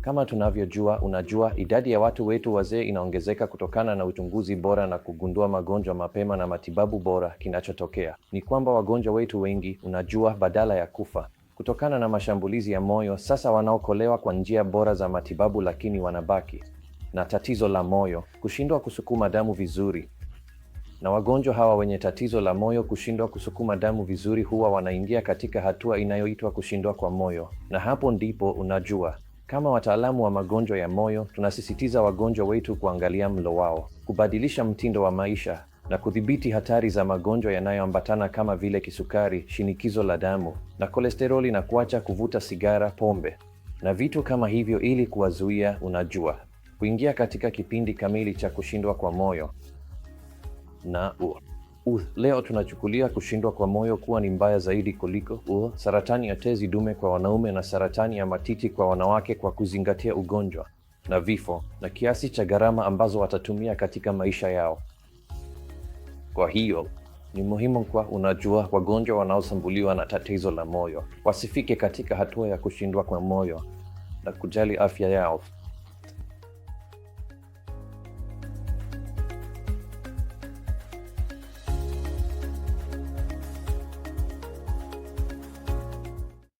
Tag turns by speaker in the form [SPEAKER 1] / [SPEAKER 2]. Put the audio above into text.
[SPEAKER 1] Kama tunavyojua, unajua, idadi ya watu wetu wazee inaongezeka kutokana na uchunguzi bora na kugundua magonjwa mapema na matibabu bora. Kinachotokea ni kwamba wagonjwa wetu wengi, unajua, badala ya kufa kutokana na mashambulizi ya moyo, sasa wanaokolewa kwa njia bora za matibabu, lakini wanabaki na tatizo la moyo, kushindwa kusukuma damu vizuri. Na wagonjwa hawa wenye tatizo la moyo kushindwa kusukuma damu vizuri huwa wanaingia katika hatua inayoitwa kushindwa kwa moyo, na hapo ndipo unajua kama wataalamu wa magonjwa ya moyo, tunasisitiza wagonjwa wetu kuangalia mlo wao, kubadilisha mtindo wa maisha na kudhibiti hatari za magonjwa yanayoambatana kama vile kisukari, shinikizo la damu na kolesteroli, na kuacha kuvuta sigara, pombe na vitu kama hivyo, ili kuwazuia, unajua, kuingia katika kipindi kamili cha kushindwa kwa moyo na u U, leo tunachukulia kushindwa kwa moyo kuwa ni mbaya zaidi kuliko U, saratani ya tezi dume kwa wanaume na saratani ya matiti kwa wanawake kwa kuzingatia ugonjwa na vifo na kiasi cha gharama ambazo watatumia katika maisha yao. Kwa hiyo ni muhimu kwa unajua, wagonjwa wanaosambuliwa na tatizo la moyo wasifike katika hatua ya kushindwa kwa moyo na kujali afya yao.